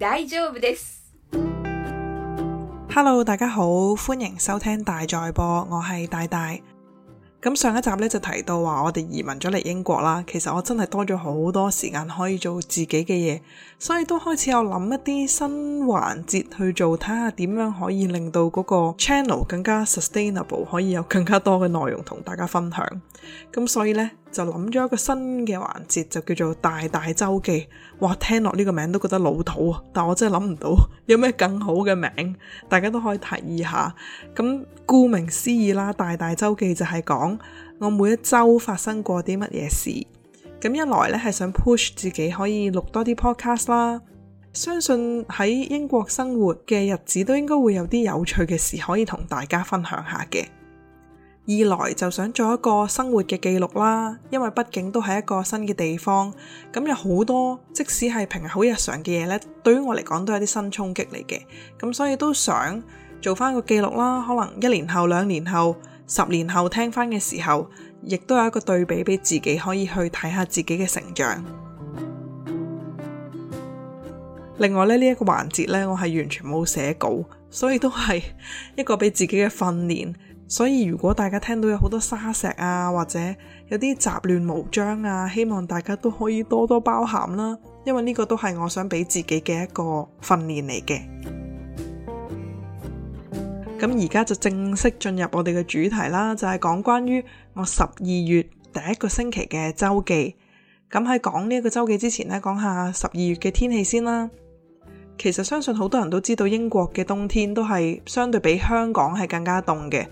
大丈夫です。Hello，大家好，歡迎收聽大在播，我係大大。咁上一集咧，就提到話我哋移民咗嚟英國啦，其實我真係多咗好多時間可以做自己嘅嘢，所以都開始有諗一啲新環節去做，睇下點樣可以令到嗰個 channel 更加 sustainable，可以有更加多嘅內容同大家分享。咁所以呢。就諗咗一個新嘅環節，就叫做大大周記。哇，聽落呢個名都覺得老土啊！但我真係諗唔到有咩更好嘅名，大家都可以提議下。咁，顧名思義啦，大大周記就係講我每一周發生過啲乜嘢事。咁一來呢，係想 push 自己可以錄多啲 podcast 啦。相信喺英國生活嘅日子都應該會有啲有趣嘅事可以同大家分享下嘅。二來就想做一個生活嘅記錄啦，因為畢竟都係一個新嘅地方，咁有好多即使係平好日常嘅嘢咧，對於我嚟講都係啲新衝擊嚟嘅，咁所以都想做翻個記錄啦。可能一年後、兩年後、十年後聽翻嘅時候，亦都有一個對比俾自己可以去睇下自己嘅成長。另外咧，呢一個環節咧，我係完全冇寫稿，所以都係一個俾自己嘅訓練。所以如果大家聽到有好多沙石啊，或者有啲雜亂無章啊，希望大家都可以多多包涵啦，因為呢個都係我想俾自己嘅一個訓練嚟嘅。咁而家就正式進入我哋嘅主題啦，就係、是、講關於我十二月第一個星期嘅週記。咁喺講呢個週記之前呢，講下十二月嘅天氣先啦。其實相信好多人都知道英國嘅冬天都係相對比香港係更加凍嘅。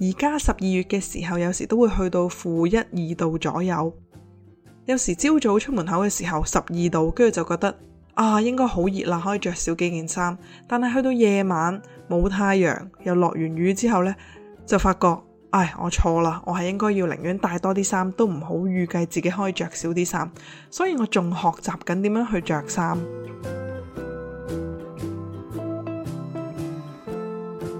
而家十二月嘅時候，有時都會去到負一、二度左右。有時朝早出門口嘅時候，十二度，跟住就覺得啊，應該好熱啦，可以着少幾件衫。但係去到夜晚，冇太陽又落完雨之後呢，就發覺唉，我錯啦，我係應該要寧願帶多啲衫，都唔好預計自己可以着少啲衫。所以我仲學習緊點樣去着衫。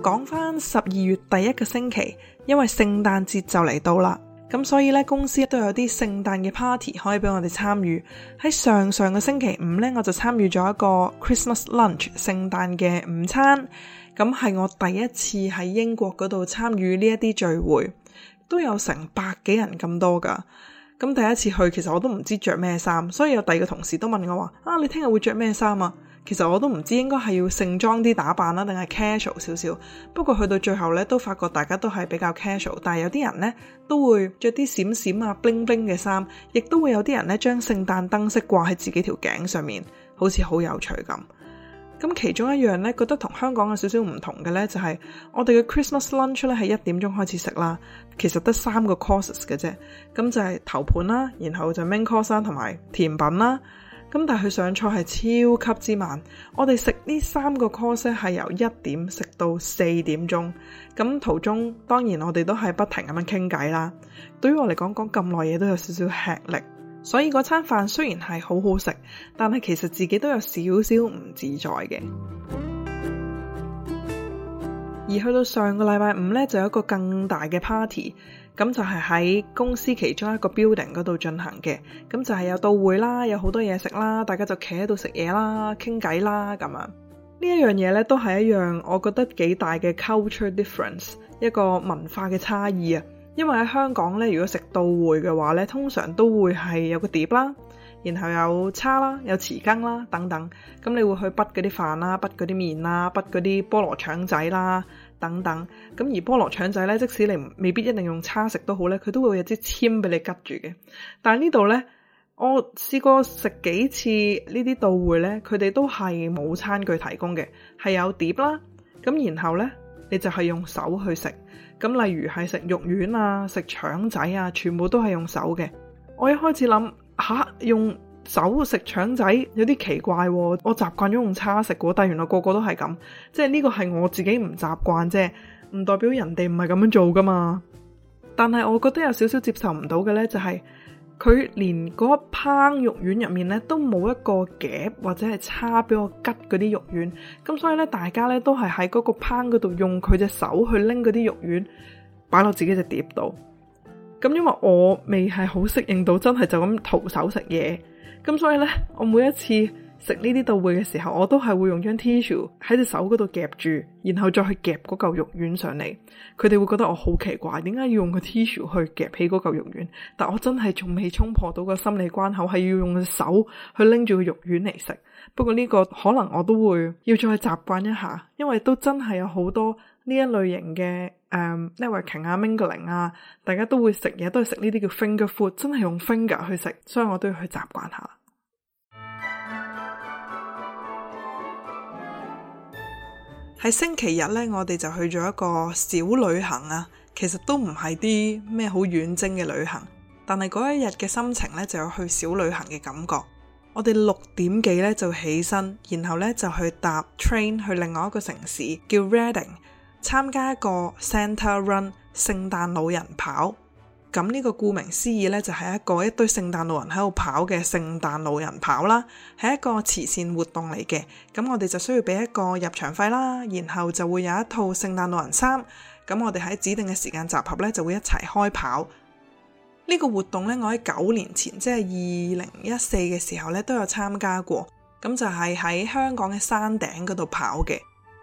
講翻十二月第一個星期，因為聖誕節就嚟到啦，咁所以呢，公司都有啲聖誕嘅 party 可以俾我哋參與。喺上上個星期五呢，我就參與咗一個 Christmas lunch 聖誕嘅午餐，咁係我第一次喺英國嗰度參與呢一啲聚會，都有成百幾人咁多噶。咁第一次去，其實我都唔知着咩衫，所以有第二個同事都問我話，啊，你聽日會着咩衫啊？其實我都唔知應該係要盛裝啲打扮啦，定係 casual 少少。不過去到最後咧，都發覺大家都係比較 casual。但係有啲人咧都會着啲閃閃啊、bling bling 嘅衫，亦都會有啲人咧將聖誕燈飾掛喺自己條頸上面，好似好有趣咁。咁其中一樣咧，覺得同香港有少少唔同嘅咧、就是，就係我哋嘅 Christmas lunch 咧係一點鐘開始食啦。其實得三個 courses 嘅啫，咁就係頭盤啦，然後就 main course 同埋甜品啦。咁但係佢上菜係超級之慢，我哋食呢三個 course 係由一點食到四點鐘，咁途中當然我哋都係不停咁樣傾偈啦。對於我嚟講，講咁耐嘢都有少少吃力，所以嗰餐飯雖然係好好食，但係其實自己都有少少唔自在嘅。而去到上個禮拜五咧，就有一個更大嘅 party，咁就係喺公司其中一個 building 嗰度進行嘅，咁就係有到會啦，有好多嘢食啦，大家就企喺度食嘢啦、傾偈啦咁啊，呢一樣嘢咧都係一樣我覺得幾大嘅 culture difference，一個文化嘅差異啊，因為喺香港咧，如果食到會嘅話咧，通常都會係有個碟啦。然後有叉啦，有匙羹啦，等等。咁你會去剝嗰啲飯啦，剝嗰啲麵啦，剝嗰啲菠蘿腸仔啦，等等。咁而菠蘿腸仔呢，即使你未必一定用叉食都好呢，佢都會有支籤俾你拮住嘅。但係呢度呢，我試過食幾次呢啲到會呢，佢哋都係冇餐具提供嘅，係有碟啦。咁然後呢，你就係用手去食。咁例如係食肉丸啊、食腸仔啊，全部都係用手嘅。我一開始諗。吓，啊，用手食腸仔有啲奇怪，哦，我習慣咗用叉食嘅。但係原來個個都係咁，即係呢個係我自己唔習慣啫，唔代表人哋唔係咁樣做噶嘛。但係我覺得有少少接受唔到嘅呢，就係佢連嗰個烹肉丸入面呢都冇一個夾或者係叉俾我吉嗰啲肉丸，咁所以呢，大家呢都係喺嗰個烹嗰度用佢隻手去拎嗰啲肉丸擺落自己隻碟度。咁因為我未係好適應到真係就咁徒手食嘢，咁所以呢，我每一次食呢啲到會嘅時候，我都係會用張 tissue 喺隻手嗰度夾住，然後再去夾嗰嚿肉丸上嚟。佢哋會覺得我好奇怪，點解要用個 tissue 去夾起嗰嚿肉丸？但我真係仲未衝破到個心理關口，係要用隻手去拎住個肉丸嚟食。不過呢個可能我都會要再去習慣一下，因為都真係有好多。呢一類型嘅誒 networking 啊，mingling 啊，大家都會食嘢，都係食呢啲叫 finger food，真係用 finger 去食，所以我都要去習慣下。喺 星期日呢，我哋就去咗一個小旅行啊，其實都唔係啲咩好遠征嘅旅行，但係嗰一日嘅心情呢，就有去小旅行嘅感覺。我哋六點幾呢就起身，然後呢就去搭 train 去另外一個城市叫 Reading。參加一個 Santa Run 聖誕老人跑，咁呢個顧名思義呢，就係一個一堆聖誕老人喺度跑嘅聖誕老人跑啦，係一個慈善活動嚟嘅。咁我哋就需要俾一個入場費啦，然後就會有一套聖誕老人衫。咁我哋喺指定嘅時間集合呢，就會一齊開跑。呢個活動呢，我喺九年前，即係二零一四嘅時候呢，都有參加過。咁就係喺香港嘅山頂嗰度跑嘅。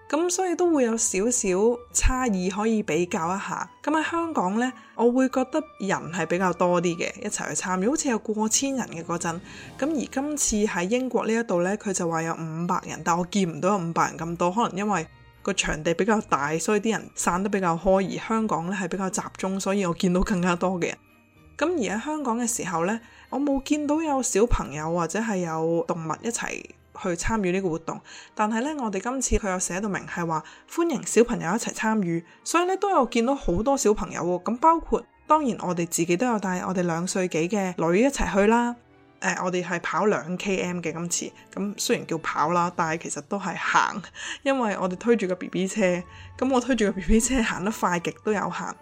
咁所以都會有少少差異可以比較一下。咁喺香港呢，我會覺得人係比較多啲嘅，一齊去參與，好似有過千人嘅嗰陣。咁而今次喺英國呢一度呢，佢就話有五百人，但我見唔到有五百人咁多，可能因為個場地比較大，所以啲人散得比較開。而香港呢係比較集中，所以我見到更加多嘅人。咁而喺香港嘅時候呢，我冇見到有小朋友或者係有動物一齊。去參與呢個活動，但係呢，我哋今次佢有寫到明係話歡迎小朋友一齊參與，所以咧都有見到好多小朋友喎。咁包括當然我哋自己都有帶我哋兩歲幾嘅女一齊去啦，呃，我哋係跑兩 km 嘅今次，咁雖然叫跑啦，但係其實都係行，因為我哋推住個 BB 車，咁我推住個 BB 車行得快極都有行。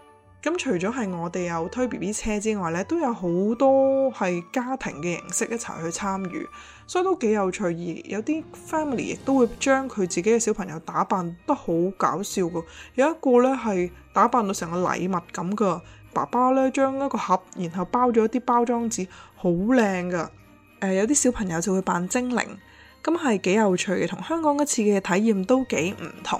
咁、嗯、除咗係我哋有推 B B 車之外咧，都有好多係家庭嘅形式一齊去參與，所以都幾有趣。而有啲 family 亦都會將佢自己嘅小朋友打扮得好搞笑噶。有一個咧係打扮到成個禮物咁噶，爸爸咧將一個盒，然後包咗啲包裝紙，好靚噶。誒、呃，有啲小朋友就會扮精靈，咁係幾有趣嘅，同香港一次嘅體驗都幾唔同。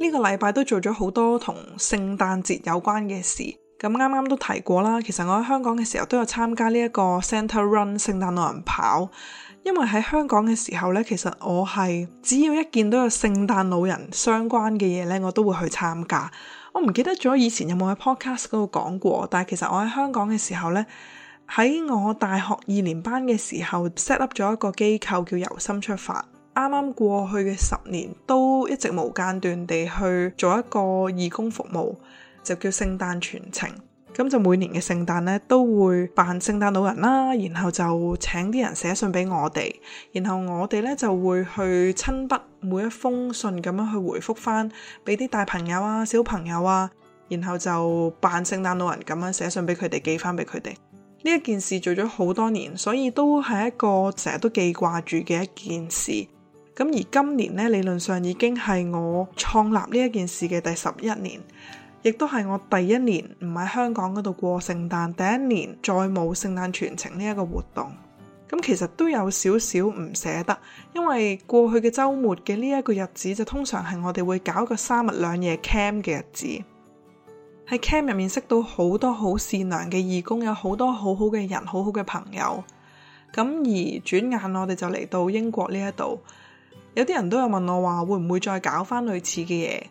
呢個禮拜都做咗好多同聖誕節有關嘅事，咁啱啱都提過啦。其實我喺香港嘅時候都有參加呢一個 Santa Run 聖誕老人跑，因為喺香港嘅時候呢，其實我係只要一見到有聖誕老人相關嘅嘢呢，我都會去參加。我唔記得咗以前有冇喺 Podcast 嗰度講過，但係其實我喺香港嘅時候呢，喺我大學二年班嘅時候 set up 咗一個機構叫由心出發。啱啱過去嘅十年都一直無間斷地去做一個義工服務，就叫聖誕傳情。咁就每年嘅聖誕咧，都會扮聖誕老人啦，然後就請啲人寫信俾我哋，然後我哋咧就會去親筆每一封信咁樣去回覆翻，俾啲大朋友啊、小朋友啊，然後就扮聖誕老人咁樣寫信俾佢哋寄翻俾佢哋。呢一件事做咗好多年，所以都係一個成日都記掛住嘅一件事。咁而今年咧，理論上已經係我創立呢一件事嘅第十一年，亦都係我第一年唔喺香港嗰度過聖誕，第一年再冇聖誕全程呢一個活動。咁其實都有少少唔捨得，因為過去嘅週末嘅呢一個日子，就通常係我哋會搞個三日兩夜 camp 嘅日子，喺 camp 入面識到好多好善良嘅義工，有好多好好嘅人，好好嘅朋友。咁而轉眼我哋就嚟到英國呢一度。有啲人都有問我話會唔會再搞翻類似嘅嘢，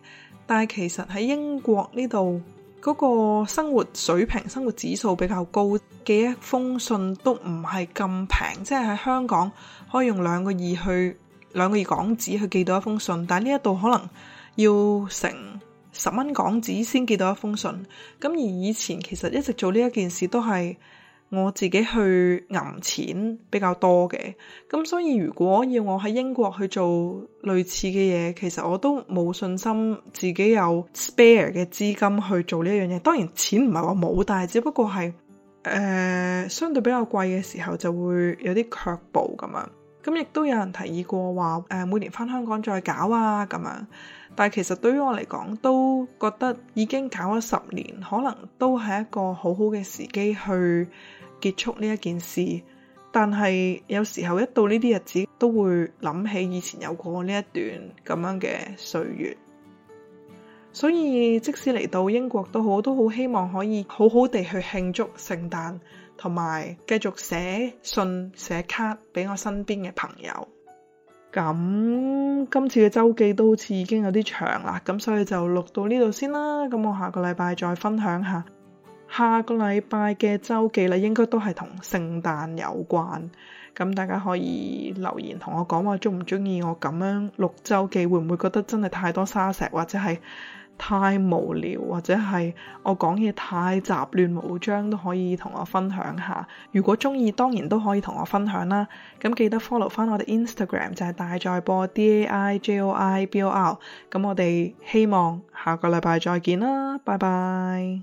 但係其實喺英國呢度嗰個生活水平、生活指數比較高，寄一封信都唔係咁平，即係喺香港可以用兩個二去兩個二港紙去寄到一封信，但呢一度可能要成十蚊港紙先寄到一封信。咁而以前其實一直做呢一件事都係。我自己去揞錢比較多嘅，咁所以如果要我喺英國去做類似嘅嘢，其實我都冇信心自己有 spare 嘅資金去做呢一樣嘢。當然錢唔係話冇，但係只不過係誒、呃、相對比較貴嘅時候就會有啲卻步咁樣。咁亦都有人提議過話誒、呃、每年翻香港再搞啊咁樣。但其實對於我嚟講，都覺得已經搞咗十年，可能都係一個好好嘅時機去結束呢一件事。但係有時候一到呢啲日子，都會諗起以前有過呢一段咁樣嘅歲月。所以即使嚟到英國都好，都好希望可以好好地去慶祝聖誕，同埋繼續寫信、寫卡俾我身邊嘅朋友。咁今次嘅周記都好似已經有啲長啦，咁所以就錄到呢度先啦。咁我下個禮拜再分享下下個禮拜嘅周記啦，應該都係同聖誕有關。咁大家可以留言同我講話，鍾唔鍾意我咁樣錄周記，會唔會覺得真係太多沙石或者係太無聊或者係我講嘢太雜亂無章都可以同我分享下。如果鍾意當然都可以同我分享啦。咁記得 follow 翻我哋 Instagram 就係大在播 D A I J O I B O R。咁我哋希望下個禮拜再見啦，拜拜。